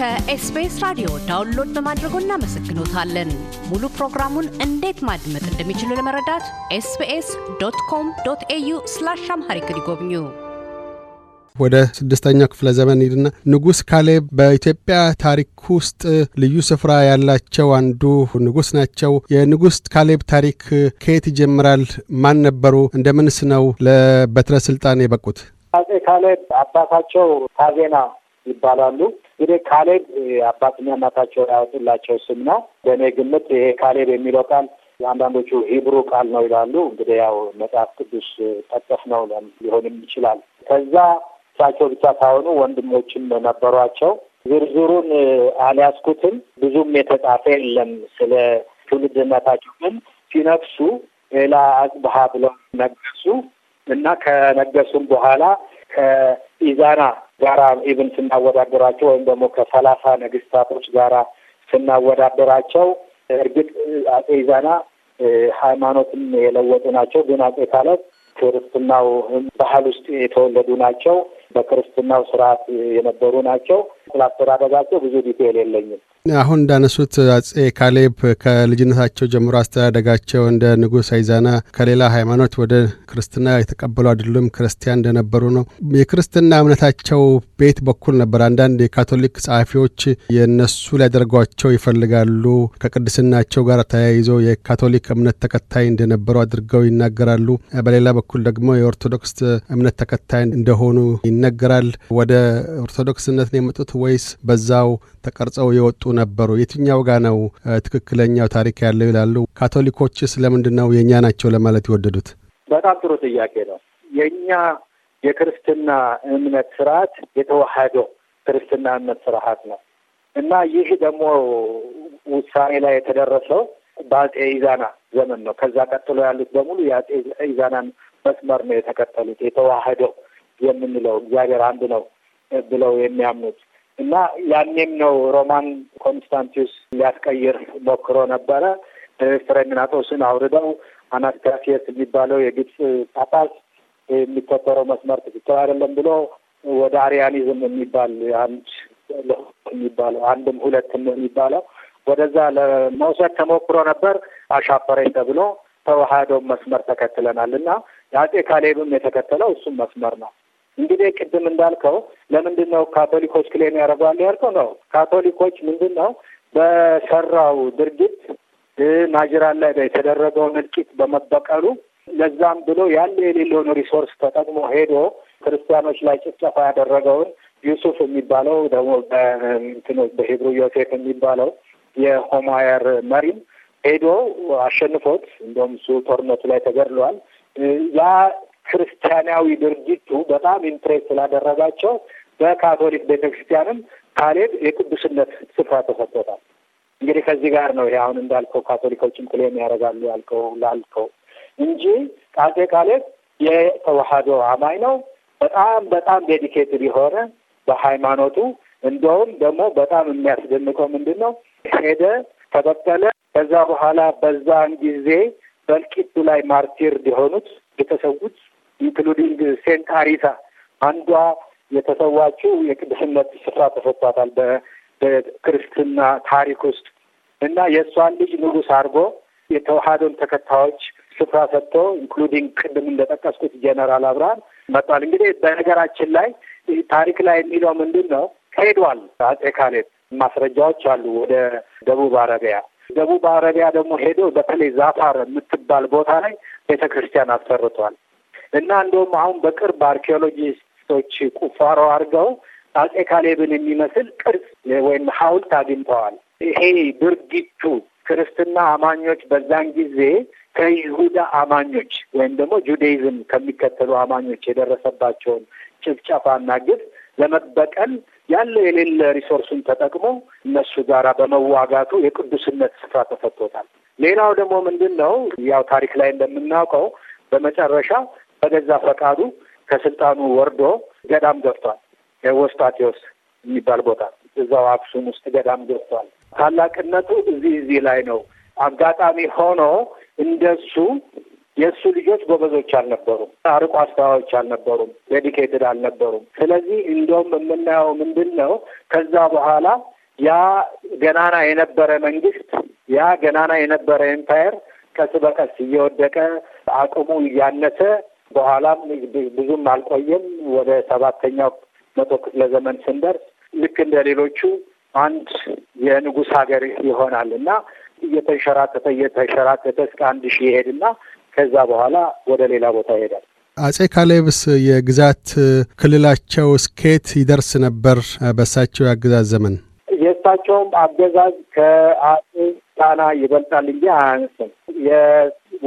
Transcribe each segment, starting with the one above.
ከኤስቢኤስ ራዲዮ ዳውንሎድ በማድረጎ እናመሰግኖታለን። ሙሉ ፕሮግራሙን እንዴት ማድመጥ እንደሚችሉ ለመረዳት ኤስቢኤስ ዶት ኮም ዶት ኤዩ ስላሽ አምሃሪክ ይጎብኙ። ወደ ስድስተኛው ክፍለ ዘመን ሂድና ንጉሥ ካሌብ በኢትዮጵያ ታሪክ ውስጥ ልዩ ስፍራ ያላቸው አንዱ ንጉሥ ናቸው። የንጉሥ ካሌብ ታሪክ ከየት ይጀምራል? ማን ነበሩ? እንደምንስ ነው ለበትረ ስልጣን የበቁት? አጼ ካሌብ አባታቸው ካዜና ይባላሉ። እንግዲህ ካሌብ አባትና እናታቸው ያወጡላቸው ስም ነው። በእኔ ግምት ይሄ ካሌብ የሚለው ቃል አንዳንዶቹ ሂብሩ ቃል ነው ይላሉ። እንግዲህ ያው መጽሐፍ ቅዱስ ጠቀስ ነው ሊሆንም ይችላል። ከዛ እሳቸው ብቻ ሳይሆኑ ወንድሞችም ነበሯቸው። ዝርዝሩን አልያዝኩትም፣ ብዙም የተጻፈ የለም። ስለ ትውልድነታቸው ግን ሲነግሱ ሌላ አጽብሃ ብለው ነገሱ እና ከነገሱም በኋላ ከኢዛና ጋራ ኢቭን ስናወዳደራቸው ወይም ደግሞ ከሰላሳ ነገስታቶች ጋራ ስናወዳደራቸው እርግጥ አጼ ይዛና ሃይማኖትን የለወጡ ናቸው። ግን አጼ ካለት ክርስትናው ባህል ውስጥ የተወለዱ ናቸው። በክርስትናው ስርዓት የነበሩ ናቸው። ስለ ብዙ ዲቴል የለኝም። አሁን እንዳነሱት አፄ ካሌብ ከልጅነታቸው ጀምሮ አስተዳደጋቸው እንደ ንጉሥ አይዛና ከሌላ ሃይማኖት ወደ ክርስትና የተቀበሉ አይደሉም፣ ክርስቲያን እንደነበሩ ነው። የክርስትና እምነታቸው በየት በኩል ነበር? አንዳንድ የካቶሊክ ጸሐፊዎች የእነሱ ሊያደርጓቸው ይፈልጋሉ፣ ከቅድስናቸው ጋር ተያይዞ የካቶሊክ እምነት ተከታይ እንደነበሩ አድርገው ይናገራሉ። በሌላ በኩል ደግሞ የኦርቶዶክስ እምነት ተከታይ እንደሆኑ ይነገራል። ወደ ኦርቶዶክስነት ነው የመጡት ወይስ በዛው ተቀርጸው የወጡ ነበሩ። የትኛው ጋ ነው ትክክለኛው ታሪክ ያለው ይላሉ? ካቶሊኮችስ ለምንድን ነው የእኛ ናቸው ለማለት የወደዱት? በጣም ጥሩ ጥያቄ ነው። የእኛ የክርስትና እምነት ስርዓት የተዋሀደው ክርስትና እምነት ስርዓት ነው እና ይህ ደግሞ ውሳኔ ላይ የተደረሰው በአጼ ኢዛና ዘመን ነው። ከዛ ቀጥሎ ያሉት በሙሉ የአጼ ኢዛናን መስመር ነው የተከተሉት። የተዋህደው የምንለው እግዚአብሔር አንድ ነው ብለው የሚያምኑት እና ያኔም ነው ሮማን ኮንስታንቲዩስ ሊያስቀይር ሞክሮ ነበረ። ፍሬምናጦስን አውርደው አናስታሲየስ የሚባለው የግብፅ ጳጳስ የሚከተለው መስመር ትክክል አይደለም ብሎ ወደ አሪያኒዝም የሚባል አንድ የሚባለው አንድም ሁለትም የሚባለው ወደዛ ለመውሰድ ተሞክሮ ነበር። አሻፈረኝ ተብሎ ተዋህዶም መስመር ተከትለናል እና የአጼ ካሌብም የተከተለው እሱም መስመር ነው። እንግዲህ ቅድም እንዳልከው ለምንድን ነው ካቶሊኮች ክሌም ያደርገዋል ያልከው ነው። ካቶሊኮች ምንድን ነው በሰራው ድርጊት ናይጄሪያን ላይ የተደረገውን እልቂት በመበቀሉ ለዛም ብሎ ያለ የሌለውን ሪሶርስ ተጠቅሞ ሄዶ ክርስቲያኖች ላይ ጭፍጨፋ ያደረገውን ዩሱፍ የሚባለው ደግሞ በሂብሩ ዮሴፍ የሚባለው የሆማየር መሪም ሄዶ አሸንፎት እንደውም እሱ ጦርነቱ ላይ ተገድሏል። ያ ክርስቲያናዊ ድርጊቱ በጣም ኢምፕሬስ ስላደረጋቸው በካቶሊክ ቤተክርስቲያንም ካሌብ የቅዱስነት ስፍራ ተሰጥቶታል። እንግዲህ ከዚህ ጋር ነው ይሄ አሁን እንዳልከው ካቶሊኮችን ክሌም ያደርጋሉ ያልከው ላልከው እንጂ አፄ ካሌብ የተዋህዶ አማኝ ነው። በጣም በጣም ዴዲኬትድ የሆነ በሃይማኖቱ እንደውም ደግሞ በጣም የሚያስደንቀው ምንድን ነው ሄደ፣ ተበቀለ። ከዛ በኋላ በዛን ጊዜ በልቂቱ ላይ ማርቲር የሆኑት የተሰዉት ኢንክሉዲንግ ሴንት አሪታ አንዷ የተሰዋችው የቅዱስነት ስፍራ ተሰጥቷታል በክርስትና ታሪክ ውስጥ እና የእሷን ልጅ ንጉስ አድርጎ የተዋህዶን ተከታዮች ስፍራ ሰጥቶ ኢንክሉዲንግ ቅድም እንደጠቀስኩት ጀነራል አብርሃም መጥቷል። እንግዲህ በነገራችን ላይ ታሪክ ላይ የሚለው ምንድን ነው? ሄዷል። አጼ ካሌብ ማስረጃዎች አሉ ወደ ደቡብ አረቢያ። ደቡብ አረቢያ ደግሞ ሄዶ በተለይ ዛፋር የምትባል ቦታ ላይ ቤተ ክርስቲያን አሰርቷል። እና እንደውም አሁን በቅርብ አርኪኦሎጂስቶች ቁፋሮ አድርገው አጼ ካሌብን የሚመስል ቅርጽ ወይም ሐውልት አግኝተዋል። ይሄ ድርጊቱ ክርስትና አማኞች በዛን ጊዜ ከይሁዳ አማኞች ወይም ደግሞ ጁዴይዝም ከሚከተሉ አማኞች የደረሰባቸውን ጭፍጨፋና ግፍ ለመበቀል ያለ የሌለ ሪሶርሱን ተጠቅሞ እነሱ ጋር በመዋጋቱ የቅዱስነት ስፍራ ተሰጥቶታል። ሌላው ደግሞ ምንድን ነው? ያው ታሪክ ላይ እንደምናውቀው በመጨረሻ በገዛ ፈቃዱ ከስልጣኑ ወርዶ ገዳም ገብቷል። ወስጣቴዎስ የሚባል ቦታ እዛው አክሱም ውስጥ ገዳም ገብቷል። ታላቅነቱ እዚህ እዚህ ላይ ነው። አጋጣሚ ሆኖ እንደሱ የእሱ ልጆች ጎበዞች አልነበሩም፣ አርቆ አስተዋዮች አልነበሩም፣ ዴዲኬትድ አልነበሩም። ስለዚህ እንደውም የምናየው ምንድን ነው ከዛ በኋላ ያ ገናና የነበረ መንግስት ያ ገናና የነበረ ኤምፓየር ቀስ በቀስ እየወደቀ አቅሙ እያነሰ በኋላም ብዙም አልቆየም። ወደ ሰባተኛው መቶ ክፍለ ዘመን ስንደርስ ልክ እንደ ሌሎቹ አንድ የንጉሥ ሀገር ይሆናል እና እየተንሸራተተ እየተንሸራተተ እስከ አንድ ሺህ ይሄድና ከዛ በኋላ ወደ ሌላ ቦታ ይሄዳል። አጼ ካሌብስ የግዛት ክልላቸው እስከየት ይደርስ ነበር? በሳቸው የአገዛዝ ዘመን የእሳቸውም አገዛዝ ከአጼ ጣና ይበልጣል እንጂ አያንስም።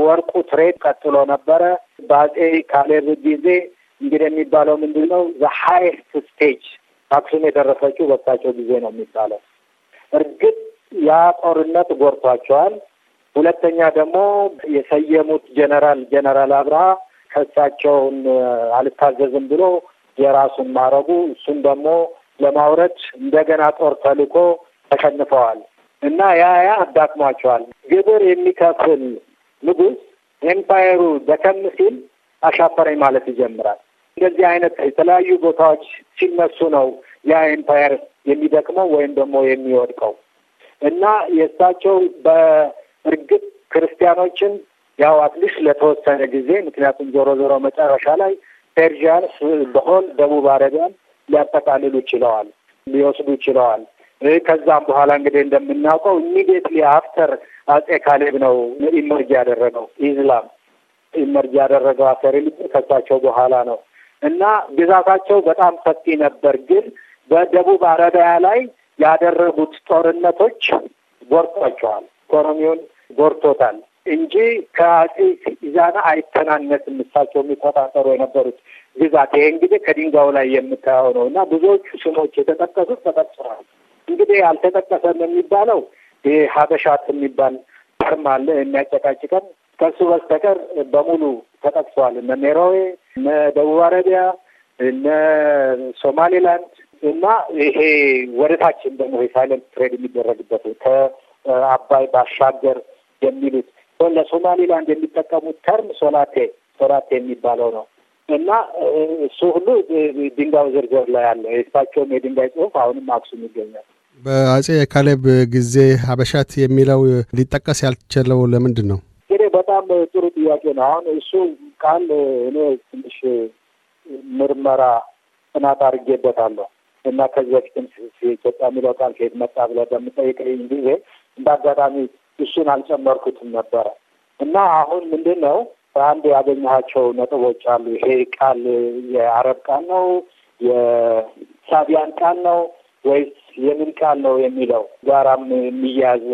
ወርቁ ትሬድ ቀጥሎ ነበረ። በአጼ ካሌብ ጊዜ እንግዲህ የሚባለው ምንድን ነው? ዘ ሀይስት ስቴጅ አክሱም የደረሰችው በሳቸው ጊዜ ነው የሚባለው። እርግጥ ያ ጦርነት ጎርቷቸዋል። ሁለተኛ ደግሞ የሰየሙት ጀነራል ጀነራል አብርሃ ከሳቸውን አልታዘዝም ብሎ የራሱን ማረጉ እሱም ደግሞ ለማውረድ እንደገና ጦር ተልኮ ተሸንፈዋል እና ያ ያ አዳክሟቸዋል። ግብር የሚከፍል ንጉስ ኤምፓየሩ ደከም ሲል አሻፈረኝ ማለት ይጀምራል። እንደዚህ አይነት የተለያዩ ቦታዎች ሲነሱ ነው ያ ኤምፓየር የሚደክመው ወይም ደግሞ የሚወድቀው እና የእሳቸው በእርግጥ ክርስቲያኖችን ያው አትሊስት ለተወሰነ ጊዜ ምክንያቱም ዞሮ ዞሮ መጨረሻ ላይ ፔርዥያንስ በሆን ደቡብ አረቢያን ሊያጠቃልሉ ችለዋል፣ ሊወስዱ ችለዋል። ከዛም በኋላ እንግዲህ እንደምናውቀው ኢሚዲየትሊ አፍተር አጼ ካሌብ ነው ኢመርጅ ያደረገው ኢዝላም ኢመርጅ ያደረገው አተሪል ከሳቸው በኋላ ነው እና ግዛታቸው በጣም ሰፊ ነበር። ግን በደቡብ አረቢያ ላይ ያደረጉት ጦርነቶች ጎርቷቸዋል፣ ኢኮኖሚውን ጎርቶታል እንጂ ከአጼ ኢዛና አይተናነስም እሳቸው የሚቆጣጠሩ የነበሩት ግዛት። ይሄ እንግዲህ ከድንጋዩ ላይ የምታየው ነው እና ብዙዎቹ ስሞች የተጠቀሱት ተጠቅሰዋል። እንግዲህ አልተጠቀሰም የሚባለው ይሄ ሀበሻት የሚባል ተርም አለ የሚያጨቃጭቀን። ከሱ በስተቀር በሙሉ ተጠቅሰዋል። እነ ሜሮዌ፣ እነ ደቡብ አረቢያ፣ እነ ሶማሌላንድ እና ይሄ ወደታችን ደግሞ የሳይለንት ትሬድ የሚደረግበት ከአባይ ባሻገር የሚሉት ለሶማሌላንድ የሚጠቀሙት ተርም ሶላቴ ሶላቴ የሚባለው ነው እና እሱ ሁሉ ድንጋው ዝርዝር ላይ አለ። የእሳቸውም የድንጋይ ጽሁፍ አሁንም አክሱም ይገኛል። በአጼ ካሌብ ጊዜ ሀበሻት የሚለው ሊጠቀስ ያልቻለው ለምንድን ነው? እንግዲህ በጣም ጥሩ ጥያቄ ነው። አሁን እሱ ቃል እኔ ትንሽ ምርመራ ጥናት አድርጌበታለሁ እና ከዚህ በፊትም ኢትዮጵያ የሚለው ቃል ከየት መጣ ብለ በምጠይቀኝ ጊዜ እንደ አጋጣሚ እሱን አልጨመርኩትም ነበረ እና አሁን ምንድን ነው አንድ ያገኘኋቸው ነጥቦች አሉ። ይሄ ቃል የአረብ ቃል ነው፣ የሳቢያን ቃል ነው ወይስ የምን ቃል ነው የሚለው ጋራም የሚያዝ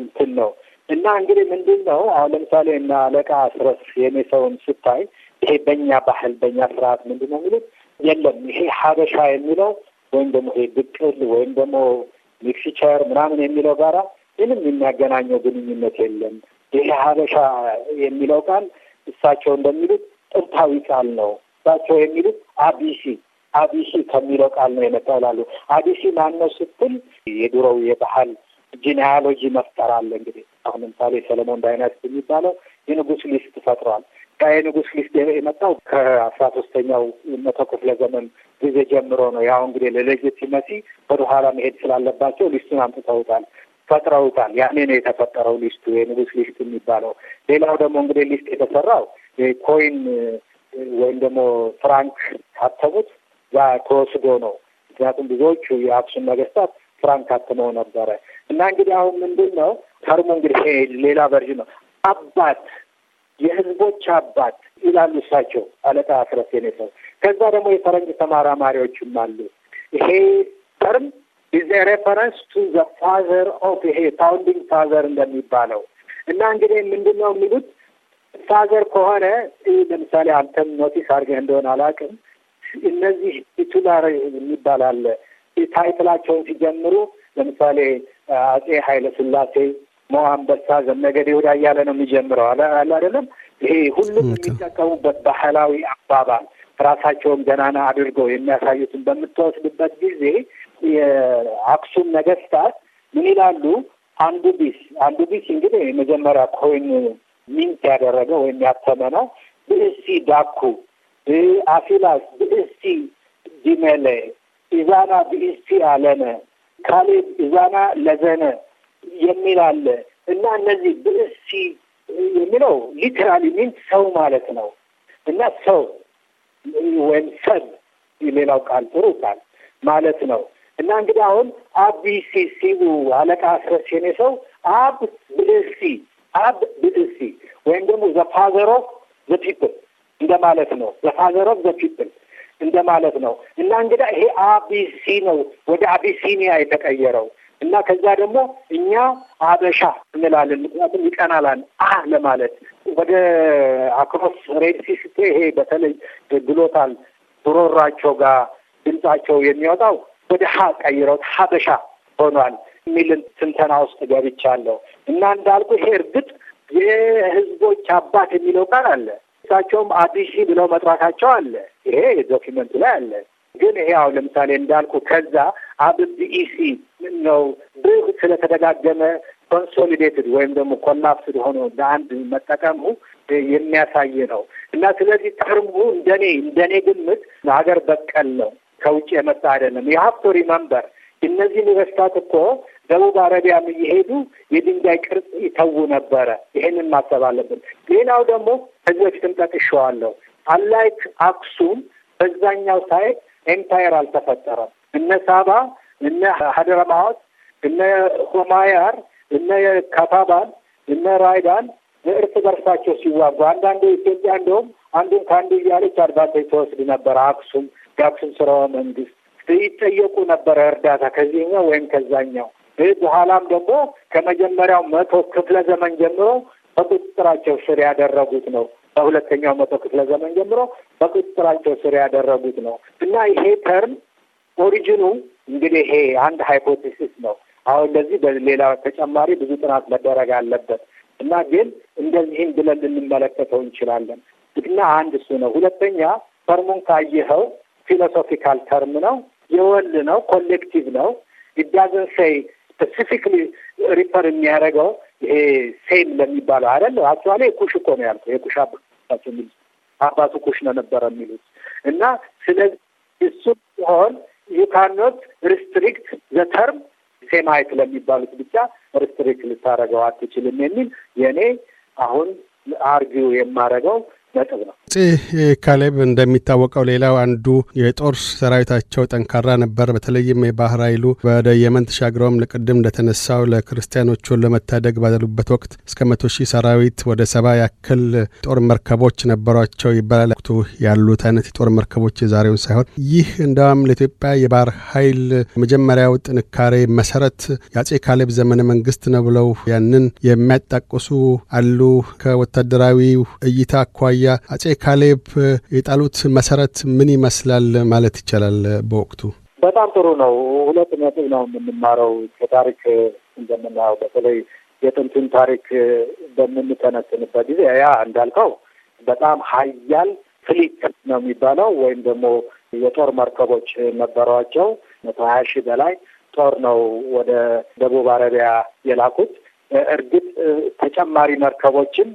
እንትን ነው እና እንግዲህ ምንድን ነው አሁን ለምሳሌ እና አለቃ አስረስ የኔ ሰውን ስታይ ይሄ በእኛ ባህል በእኛ ስርዓት ምንድን ነው የሚሉት የለም ይሄ ሀበሻ የሚለው ወይም ደግሞ ይሄ ብቅል ወይም ደግሞ ሚክስቸር ምናምን የሚለው ጋራ ምንም የሚያገናኘው ግንኙነት የለም። ይሄ ሀበሻ የሚለው ቃል እሳቸው እንደሚሉት ጥንታዊ ቃል ነው። እሳቸው የሚሉት አቢሲ አቢሲ ከሚለው ቃል ነው የመጣው ይላሉ። ማን ነው ስትል የድሮው የባህል ጂኒያሎጂ መፍጠር አለ። እንግዲህ አሁን ለምሳሌ ሰለሞን ዳይናስ የሚባለው የንጉስ ሊስት ፈጥሯል። የንጉስ ሊስት የመጣው ከአስራ ሶስተኛው መቶ ክፍለ ዘመን ጊዜ ጀምሮ ነው። ያው እንግዲህ ለሌጂቲመሲ ወደኋላ መሄድ ስላለባቸው ሊስቱን አምጥተውታል፣ ፈጥረውታል። ያኔ ነው የተፈጠረው ሊስቱ የንጉስ ሊስት የሚባለው። ሌላው ደግሞ እንግዲህ ሊስት የተሰራው ኮይን ወይም ደግሞ ፍራንክ ካተሙት ተወስዶ ነው። ምክንያቱም ብዙዎቹ የአክሱም ነገስታት ፍራንክ አትመው ነበረ እና እንግዲህ አሁን ምንድን ነው ተርሙ እንግዲህ ሌላ ቨርዥን ነው። አባት የህዝቦች አባት ይላሉ እሳቸው አለቃ አስረስ ሰው። ከዛ ደግሞ የፈረንጅ ተማራማሪዎችም አሉ። ይሄ ተርም ኢዝ ሬፈረንስ ቱ ዘ ፋዘር ኦፍ ይሄ ፋውንዲንግ ፋዘር እንደሚባለው እና እንግዲህ ምንድን ነው የሚሉት ፋዘር ከሆነ ለምሳሌ አንተም ኖቲስ አድርገህ እንደሆነ አላውቅም እነዚህ ኢቱላሪ የሚባል አለ። ታይትላቸውን ሲጀምሩ ለምሳሌ አጼ ኃይለ ሥላሴ ሞዓ አንበሳ ዘመገዴ ወዳ እያለ ነው የሚጀምረው አለ አይደለም። ይሄ ሁሉም የሚጠቀሙበት ባህላዊ አባባል ራሳቸውን ገናና አድርገው የሚያሳዩትን በምትወስድበት ጊዜ የአክሱም ነገስታት ምን ይላሉ? አንዱ ቢስ አንዱ ቢስ እንግዲህ የመጀመሪያ ኮይን ሚንት ያደረገ ወይም ያተመ ነው። ብእሲ ዳኩ ብአፊላስ ብእስቲ ዲመለ ኢዛና ብእስቲ አለነ ካሌብ ኢዛና ለዘነ የሚል አለ እና እነዚህ ብእስቲ የሚለው ሊትራሊ ሚን ሰው ማለት ነው እና ሰው ወይም ሰብ የሌላው ቃል ጥሩ ቃል ማለት ነው እና እንግዲህ አሁን አቢ ሲሲቡ አለቃ አስረሴኔ ሰው አብ ብእሲ አብ ብእሲ ወይም ደግሞ ዘ ፋዘር ኦፍ ዘ ፒፕል እንደማለት ነው። ዘፋዘር ኦፍ ዘ ፒፕል እንደማለት ነው እና እንግዳ ይሄ አቢሲ ነው ወደ አቢሲኒያ የተቀየረው እና ከዛ ደግሞ እኛ አበሻ እንላለን። ምክንያቱም ይቀናላል አ ለማለት ወደ አክሮስ ሬድሲ ስቴ ይሄ በተለይ ግሎታል ብሮራቸው ጋር ድምጻቸው የሚወጣው ወደ ሀ ቀይረውት ሀበሻ ሆኗል የሚልን ትንተና ውስጥ ገብቻለሁ እና እንዳልኩ ይሄ እርግጥ የህዝቦች አባት የሚለው ቃል አለ እሳቸውም አዲሺ ብለው መጥራታቸው አለ። ይሄ ዶኪመንቱ ላይ አለ። ግን ይሄ አሁን ለምሳሌ እንዳልኩ ከዛ አብዲኢሲ ነው ብህ ስለተደጋገመ ኮንሶሊዴትድ ወይም ደግሞ ኮላፕስድ ሆኖ ለአንድ መጠቀሙ የሚያሳይ ነው እና ስለዚህ ተርሙ እንደኔ እንደኔ ግምት ሀገር በቀል ነው፣ ከውጭ የመጣ አይደለም። የሀብቶ ሪመምበር እነዚህ ዩኒቨርስታት እኮ ደቡብ አረቢያም እየሄዱ የድንጋይ ቅርጽ ይተዉ ነበረ። ይሄንን ማሰብ አለብን። ሌላው ደግሞ ከዚህ በፊትም ጠቅሼዋለሁ። አላይክ አክሱም በዛኛው ሳይት ኤምፓየር አልተፈጠረም። እነ ሳባ፣ እነ ሀደረማወት፣ እነ ሆማያር፣ እነ ካታባን፣ እነ ራይዳን እርስ በርሳቸው ሲዋጉ አንዳንዱ ኢትዮጵያ እንደውም አንዱን ከአንዱ እያለች አድቫንቴጅ ተወስድ ነበረ። አክሱም የአክሱም ስርወ መንግስት ይጠየቁ ነበረ እርዳታ ከዚህኛው ወይም ከዛኛው በኋላም ደግሞ ከመጀመሪያው መቶ ክፍለ ዘመን ጀምሮ በቁጥጥራቸው ስር ያደረጉት ነው። በሁለተኛው መቶ ክፍለ ዘመን ጀምሮ በቁጥጥራቸው ስር ያደረጉት ነው እና ይሄ ተርም ኦሪጂኑ እንግዲህ ይሄ አንድ ሃይፖቴሲስ ነው። አሁን እንደዚህ በሌላ ተጨማሪ ብዙ ጥናት መደረግ አለበት እና ግን እንደዚህም ብለን ልንመለከተው እንችላለን እና አንድ እሱ ነው። ሁለተኛ ተርሙን ካየኸው ፊሎሶፊካል ተርም ነው፣ የወል ነው፣ ኮሌክቲቭ ነው። ኢዳዘን ስፔሲፊክሊ ሪፐር የሚያደርገው ይሄ ሴም ለሚባለው አይደል? አክቹዋሊ ኩሽ እኮ ነው ያልኩ የኩሽ አባቸው የሚል አባቱ ኩሽ ነው ነበረ የሚሉት እና ስለዚህ እሱ ሲሆን ዩ ካኖት ሪስትሪክት ዘተርም ሴማይት ለሚባሉት ብቻ ሪስትሪክት ልታደረገው አትችልም የሚል የእኔ አሁን አርጊው የማደርገው ነጥብ ነው። አፄ ካሌብ እንደሚታወቀው ሌላው አንዱ የጦር ሰራዊታቸው ጠንካራ ነበር። በተለይም የባህር ኃይሉ ወደ የመን ተሻግረውም ለቅድም እንደተነሳው ለክርስቲያኖቹን ለመታደግ ባደሉበት ወቅት እስከ መቶ ሺህ ሰራዊት ወደ ሰባ ያክል ጦር መርከቦች ነበሯቸው ይባላል። ወቅቱ ያሉት አይነት የጦር መርከቦች የዛሬውን ሳይሆን ይህ እንደም ለኢትዮጵያ የባህር ኃይል መጀመሪያው ጥንካሬ መሰረት የአፄ ካሌብ ዘመነ መንግስት ነው ብለው ያንን የሚያጣቅሱ አሉ። ከወታደራዊ እይታ አኳያ አኳያ አጼ ካሌብ የጣሉት መሰረት ምን ይመስላል ማለት ይቻላል? በወቅቱ በጣም ጥሩ ነው። ሁለት ነጥብ ነው የምንማረው ከታሪክ እንደምናየው በተለይ የጥንቱን ታሪክ በምንተነትንበት ጊዜ ያ እንዳልከው በጣም ሀያል ፍሊት ነው የሚባለው ወይም ደግሞ የጦር መርከቦች ነበሯቸው። መቶ ሀያ ሺህ በላይ ጦር ነው ወደ ደቡብ አረቢያ የላኩት። እርግጥ ተጨማሪ መርከቦችን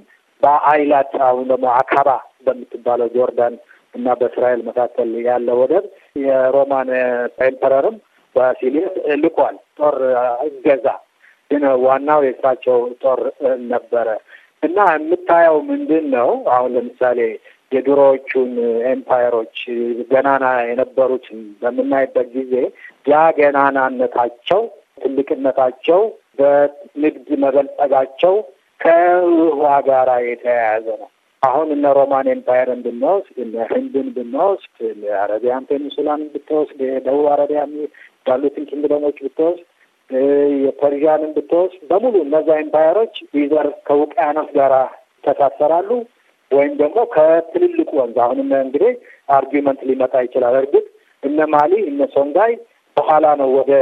በአይላት አሁን ደግሞ አካባ በምትባለው ጆርዳን እና በእስራኤል መካከል ያለ ወደብ የሮማን ኤምፐረርም ባሲሊየስ ልኳል ጦር እገዛ። ግን ዋናው የእሳቸው ጦር ነበረ እና የምታየው ምንድን ነው? አሁን ለምሳሌ የድሮዎቹን ኤምፓየሮች ገናና የነበሩትን በምናይበት ጊዜ ያ ገናናነታቸው፣ ትልቅነታቸው፣ በንግድ መበልጸጋቸው ከውሃ ጋር የተያያዘ ነው። አሁን እነ ሮማን ኤምፓየርን ብንወስድ እነ ህንድን ብንወስድ አረቢያን ፔኒንሱላን ብትወስድ ደቡብ አረቢያ ያሉትን ኪንግደሞች ብትወስድ የፐርዣንን ብትወስድ በሙሉ እነዛ ኤምፓየሮች ይዘር ከውቅያኖስ ጋራ ይተሳሰራሉ ወይም ደግሞ ከትልልቁ ወንዝ አሁን እንግዲህ አርጊመንት ሊመጣ ይችላል። እርግጥ እነ ማሊ እነ ሶንጋይ በኋላ ነው ወደ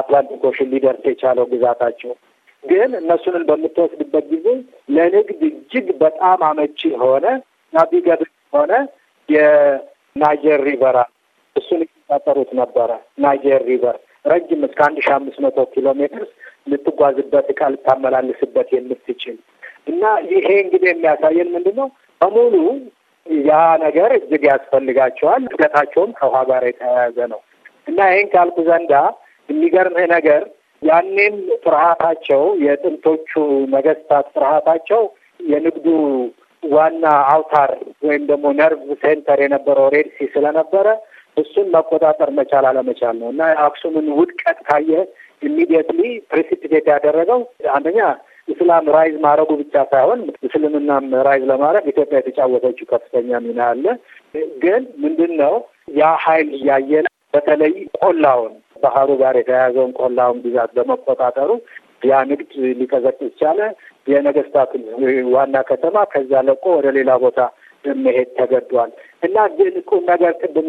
አትላንቲክ ኦሽን ሊደርስ የቻለው ግዛታቸው። ግን እነሱንን በምትወስድበት ጊዜ ለንግድ እጅግ በጣም አመቺ የሆነ ናቪገብል የሆነ የናይጀር ሪቨር እሱን የሚቆጣጠሩት ነበረ። ናይጀር ሪቨር ረጅም እስከ አንድ ሺ አምስት መቶ ኪሎ ሜትር ልትጓዝበት እቃ ልታመላልስበት የምትችል እና ይሄ እንግዲህ የሚያሳየን ምንድን ነው በሙሉ ያ ነገር እጅግ ያስፈልጋቸዋል። እድገታቸውም ከውሃ ጋር የተያያዘ ነው እና ይህን ካልኩ ዘንዳ የሚገርምህ ነገር ያኔም ፍርሃታቸው የጥንቶቹ ነገስታት ፍርሃታቸው የንግዱ ዋና አውታር ወይም ደግሞ ነርቭ ሴንተር የነበረው ሬድሲ ስለነበረ እሱን መቆጣጠር መቻል አለመቻል ነው እና የአክሱምን ውድቀት ካየ ኢሚዲየትሊ ፕሬሲፒቴት ያደረገው አንደኛ እስላም ራይዝ ማድረጉ ብቻ ሳይሆን እስልምናም ራይዝ ለማድረግ ኢትዮጵያ የተጫወተችው ከፍተኛ ሚና አለ። ግን ምንድን ነው ያ ሀይል እያየን በተለይ ቆላውን ባህሩ ጋር የተያያዘውን ቆላውን ብዛት በመቆጣጠሩ ያ ንግድ ሊቀዘቅዝ ይቻለ የነገስታት ዋና ከተማ ከዛ ለቆ ወደ ሌላ ቦታ መሄድ ተገዷል። እና ግን ቁም ነገር ቅድም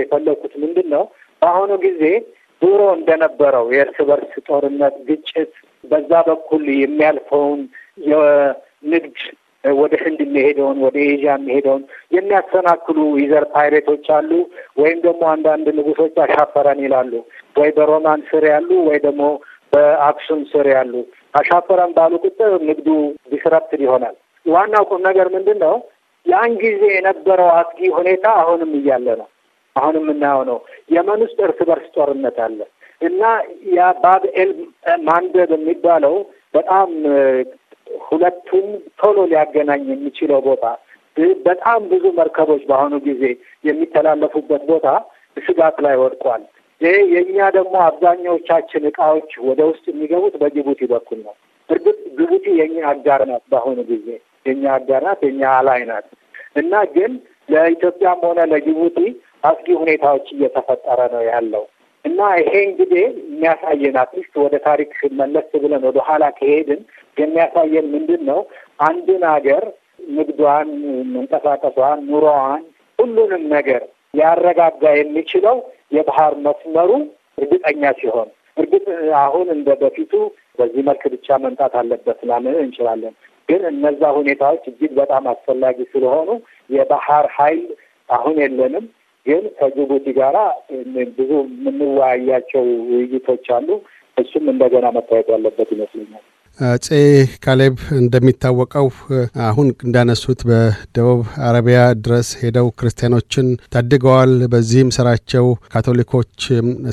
የፈለኩት ምንድን ነው በአሁኑ ጊዜ ድሮ እንደነበረው የእርስ በርስ ጦርነት፣ ግጭት በዛ በኩል የሚያልፈውን የንግድ ወደ ህንድ የሚሄደውን ወደ ኤዥያ የሚሄደውን የሚያሰናክሉ ይዘር ፓይሬቶች አሉ። ወይም ደግሞ አንዳንድ ንጉሶች አሻፈረን ይላሉ። ወይ በሮማን ስር ያሉ ወይ ደግሞ በአክሱም ስር ያሉ አሻፈረን ባሉ ቁጥር ንግዱ ዲስረፕትድ ይሆናል። ዋናው ቁም ነገር ምንድን ነው? ያን ጊዜ የነበረው አስጊ ሁኔታ አሁንም እያለ ነው። አሁንም የምናየው ነው። የመን ውስጥ እርስ በርስ ጦርነት አለ እና ያ ባብ ኤል ማንደብ የሚባለው በጣም ሁለቱም ቶሎ ሊያገናኝ የሚችለው ቦታ በጣም ብዙ መርከቦች በአሁኑ ጊዜ የሚተላለፉበት ቦታ ስጋት ላይ ወድቋል። ይህ የእኛ ደግሞ አብዛኛዎቻችን እቃዎች ወደ ውስጥ የሚገቡት በጅቡቲ በኩል ነው። እርግጥ ጅቡቲ የእኛ አጋር ናት፣ በአሁኑ ጊዜ የእኛ አጋር ናት፣ የእኛ አላይ ናት እና ግን ለኢትዮጵያም ሆነ ለጅቡቲ አስጊ ሁኔታዎች እየተፈጠረ ነው ያለው እና ይሄ እንግዲህ የሚያሳየን አትሊስት ወደ ታሪክ መለስ ብለን ወደ ኋላ ከሄድን የሚያሳየን ምንድን ነው? አንድን ሀገር ንግዷን፣ መንቀሳቀሷን፣ ኑሮዋን፣ ሁሉንም ነገር ሊያረጋጋ የሚችለው የባህር መስመሩ እርግጠኛ ሲሆን፣ እርግጥ አሁን እንደ በፊቱ በዚህ መልክ ብቻ መምጣት አለበት ላምን እንችላለን። ግን እነዛ ሁኔታዎች እጅግ በጣም አስፈላጊ ስለሆኑ የባህር ኃይል አሁን የለንም። ግን ከጅቡቲ ጋራ ብዙ የምንወያያቸው ውይይቶች አሉ። እሱም እንደገና መታየት ያለበት ይመስለኛል። አጼ ካሌብ እንደሚታወቀው አሁን እንዳነሱት በደቡብ አረቢያ ድረስ ሄደው ክርስቲያኖችን ታድገዋል። በዚህም ስራቸው ካቶሊኮች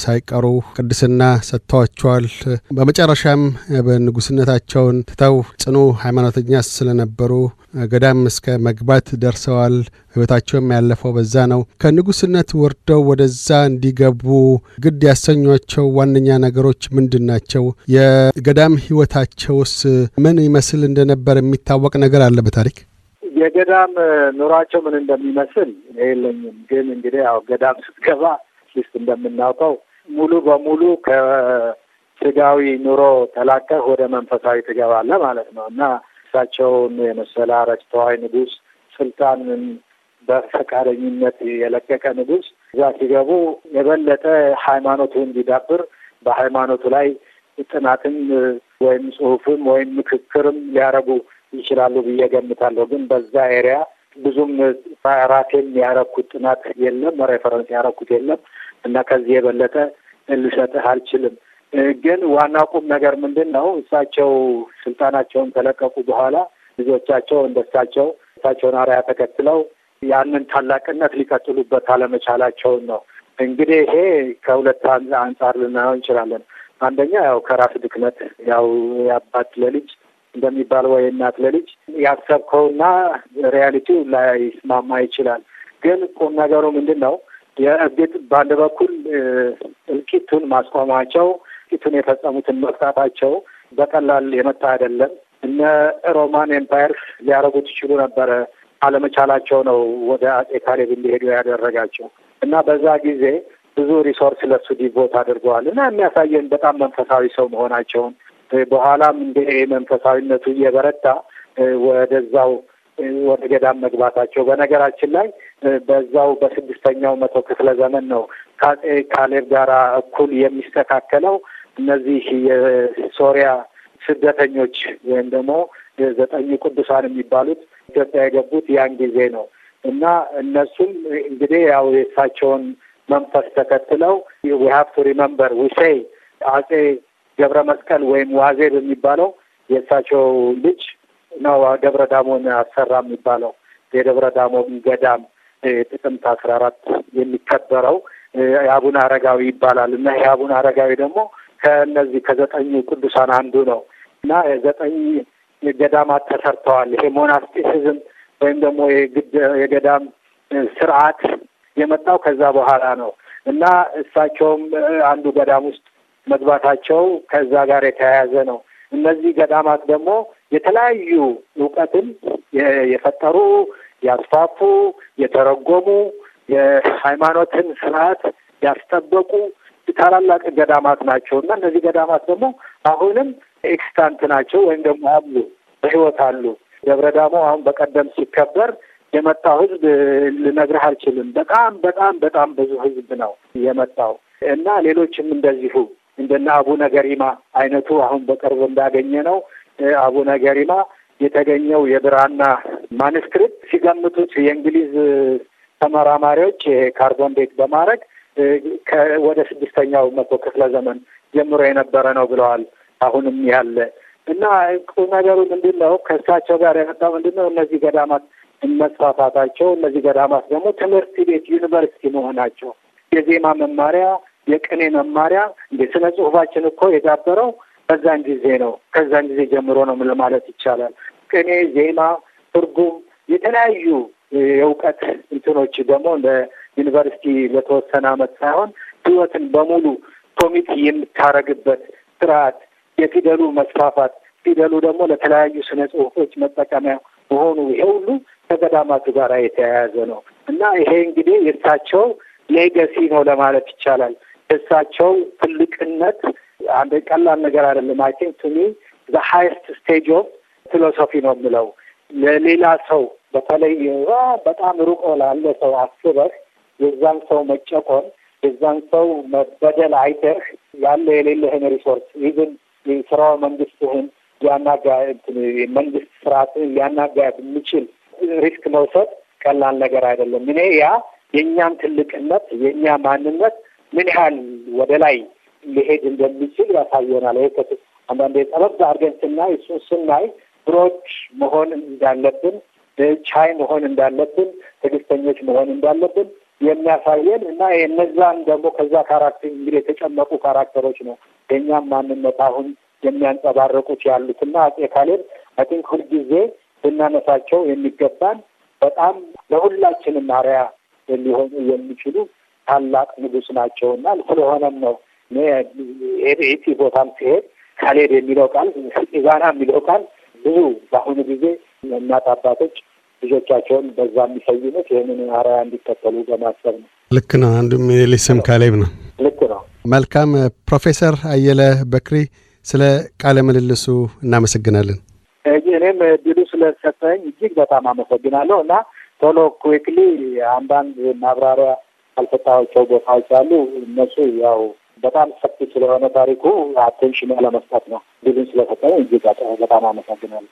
ሳይቀሩ ቅድስና ሰጥተዋቸዋል። በመጨረሻም በንጉስነታቸውን ትተው ጽኑ ሃይማኖተኛ ስለነበሩ ገዳም እስከ መግባት ደርሰዋል። ህይወታቸውም ያለፈው በዛ ነው። ከንጉሥነት ወርደው ወደዛ እንዲገቡ ግድ ያሰኟቸው ዋነኛ ነገሮች ምንድን ናቸው? የገዳም ህይወታቸውስ ምን ይመስል እንደነበር የሚታወቅ ነገር አለ በታሪክ? የገዳም ኑሯቸው ምን እንደሚመስል የለኝም፣ ግን እንግዲህ ያው ገዳም ስትገባ ሊስት እንደምናውቀው ሙሉ በሙሉ ከስጋዊ ኑሮ ተላቀህ ወደ መንፈሳዊ ትገባለህ ማለት ነው እና እሳቸውን የመሰለ አረስተዋይ ንጉስ ስልጣንን በፈቃደኝነት የለቀቀ ንጉስ እዛ ሲገቡ የበለጠ ሃይማኖቱ እንዲዳብር በሃይማኖቱ ላይ ጥናትን ወይም ጽሁፍም ወይም ምክክርም ሊያረጉ ይችላሉ ብዬ ገምታለሁ። ግን በዛ ኤሪያ ብዙም ራሴን ያረኩት ጥናት የለም፣ ሬፈረንስ ያረኩት የለም እና ከዚህ የበለጠ ልሰጥህ አልችልም። ግን ዋና ቁም ነገር ምንድን ነው? እሳቸው ስልጣናቸውን ከለቀቁ በኋላ ልጆቻቸው እንደሳቸው እሳቸውን አርያ ተከትለው ያንን ታላቅነት ሊቀጥሉበት አለመቻላቸውን ነው። እንግዲህ ይሄ ከሁለት አንጻር ልናየው እንችላለን። አንደኛ ያው ከራስ ድክመት ያው የአባት ለልጅ እንደሚባል ወይ እናት ለልጅ ያሰብከውና ሪያሊቲው ላይስማማ ይችላል። ግን ቁም ነገሩ ምንድን ነው? የእርግጥ በአንድ በኩል እልቂቱን ማስቆማቸው ድርጊቱን የፈጸሙትን መፍታታቸው በቀላል የመታ አይደለም። እነ ሮማን ኤምፓየር ሊያደርጉት ይችሉ ነበረ። አለመቻላቸው ነው ወደ አጼ ካሌብ እንዲሄዱ ያደረጋቸው እና በዛ ጊዜ ብዙ ሪሶርስ ለሱ ዲቮት አድርገዋል እና የሚያሳየን በጣም መንፈሳዊ ሰው መሆናቸውን በኋላም እንደ መንፈሳዊነቱ እየበረታ ወደዛው ወደ ገዳም መግባታቸው በነገራችን ላይ በዛው በስድስተኛው መቶ ክፍለ ዘመን ነው ከአጼ ካሌብ ጋር እኩል የሚስተካከለው እነዚህ የሶሪያ ስደተኞች ወይም ደግሞ የዘጠኙ ቅዱሳን የሚባሉት ኢትዮጵያ የገቡት ያን ጊዜ ነው እና እነሱም እንግዲህ ያው የእሳቸውን መንፈስ ተከትለው ዊሀብ ቱ ሪመምበር ውሴይ አጼ ገብረ መስቀል ወይም ዋዜ በሚባለው የእሳቸው ልጅ ነው ደብረ ዳሞን አሰራ የሚባለው የደብረ ዳሞን ገዳም ጥቅምት አስራ አራት የሚከበረው የአቡነ አረጋዊ ይባላል እና የአቡነ አረጋዊ ደግሞ ከእነዚህ ከዘጠኙ ቅዱሳን አንዱ ነው እና ዘጠኝ ገዳማት ተሰርተዋል። ይሄ ሞናስቲሲዝም ወይም ደግሞ የገዳም ስርዓት የመጣው ከዛ በኋላ ነው እና እሳቸውም አንዱ ገዳም ውስጥ መግባታቸው ከዛ ጋር የተያያዘ ነው። እነዚህ ገዳማት ደግሞ የተለያዩ እውቀትን የፈጠሩ፣ ያስፋፉ፣ የተረጎሙ፣ የሃይማኖትን ስርዓት ያስጠበቁ ታላላቅ ገዳማት ናቸው እና እነዚህ ገዳማት ደግሞ አሁንም ኤክስታንት ናቸው ወይም ደግሞ አሉ፣ በህይወት አሉ። ደብረ ዳሞ አሁን በቀደም ሲከበር የመጣው ህዝብ ልነግርህ አልችልም። በጣም በጣም በጣም ብዙ ህዝብ ነው የመጣው እና ሌሎችም እንደዚሁ እንደነ አቡነ ገሪማ አይነቱ አሁን በቅርብ እንዳገኘ ነው አቡነ ገሪማ የተገኘው የብራና ማንስክሪፕት ሲገምቱት የእንግሊዝ ተመራማሪዎች ይሄ ካርቦን ዴት በማድረግ ወደ ስድስተኛው መቶ ክፍለ ዘመን ጀምሮ የነበረ ነው ብለዋል። አሁንም ያለ እና ቁም ነገሩ ምንድን ነው? ከእሳቸው ጋር የመጣው ምንድን ነው? እነዚህ ገዳማት መስፋፋታቸው፣ እነዚህ ገዳማት ደግሞ ትምህርት ቤት ዩኒቨርሲቲ መሆናቸው፣ የዜማ መማሪያ፣ የቅኔ መማሪያ እንደ ስነ ጽሁፋችን እኮ የዳበረው በዛን ጊዜ ነው። ከዛን ጊዜ ጀምሮ ነው ለማለት ይቻላል። ቅኔ፣ ዜማ፣ ትርጉም፣ የተለያዩ የእውቀት እንትኖች ደግሞ ዩኒቨርሲቲ ለተወሰነ ዓመት ሳይሆን ህይወትን በሙሉ ኮሚት የምታረግበት ስርዓት፣ የፊደሉ መስፋፋት፣ ፊደሉ ደግሞ ለተለያዩ ስነ ጽሁፎች መጠቀሚያ መሆኑ ይሄ ሁሉ ከገዳማቱ ጋር የተያያዘ ነው እና ይሄ እንግዲህ የእሳቸው ሌገሲ ነው ለማለት ይቻላል። የእሳቸው ትልቅነት አንድ ቀላል ነገር አይደለም። አይ ቲንክ ቱሚ ዘ ሀይስት ስቴጅ ኦፍ ፊሎሶፊ ነው የምለው ለሌላ ሰው በተለይ በጣም ሩቆ ላለ ሰው አስበህ የዛን ሰው መጨቆን የዛን ሰው መበደል አይተህ ያለ የሌለህን ሪሶርስ ይዝን የስራው መንግስትህን ሊያናጋ መንግስት ስርዓትን ሊያናጋ የሚችል ሪስክ መውሰድ ቀላል ነገር አይደለም። እኔ ያ የእኛን ትልቅነት የእኛ ማንነት ምን ያህል ወደ ላይ ሊሄድ እንደሚችል ያሳየናል። ይህ አንዳንድ የጠበብ አድርገን ስናይ እሱ ስናይ ብሮች መሆን እንዳለብን፣ ቻይ መሆን እንዳለብን፣ ትዕግስተኞች መሆን እንዳለብን የሚያሳየን እና የነዛን ደግሞ ከዛ ካራክተር እንግዲህ የተጨመቁ ካራክተሮች ነው የእኛም ማንነት አሁን የሚያንጸባረቁት ያሉት እና አጼ ካሌብ አይ ቲንክ ሁልጊዜ ልናነሳቸው የሚገባን በጣም ለሁላችንም አርያ ሊሆኑ የሚችሉ ታላቅ ንጉስ ናቸው እና ስለሆነም ነው ኤቤቲ ቦታም ሲሄድ ካሌብ የሚለው ቃል ኢዛና የሚለው ቃል ብዙ በአሁኑ ጊዜ እናት አባቶች ልጆቻቸውን በዛ የሚሰይሙት ይህንን አርአያ እንዲከተሉ በማሰብ ነው። ልክ ነው። አንዱም የልስም ካሌብ ነው። ልክ ነው። መልካም ፕሮፌሰር አየለ በክሪ ስለ ቃለ ምልልሱ እናመሰግናለን። እኔም ድሉ ስለሰጠኝ እጅግ በጣም አመሰግናለሁ እና ቶሎ ኩዌክሊ አንዳንድ ማብራሪያ ያልሰጣቸው ቦታዎች አሉ። እነሱ ያው በጣም ሰፊ ስለሆነ ታሪኩ አቴንሽን ለመስጠት ነው። ድሉን ስለሰጠኝ እጅግ በጣም አመሰግናለሁ።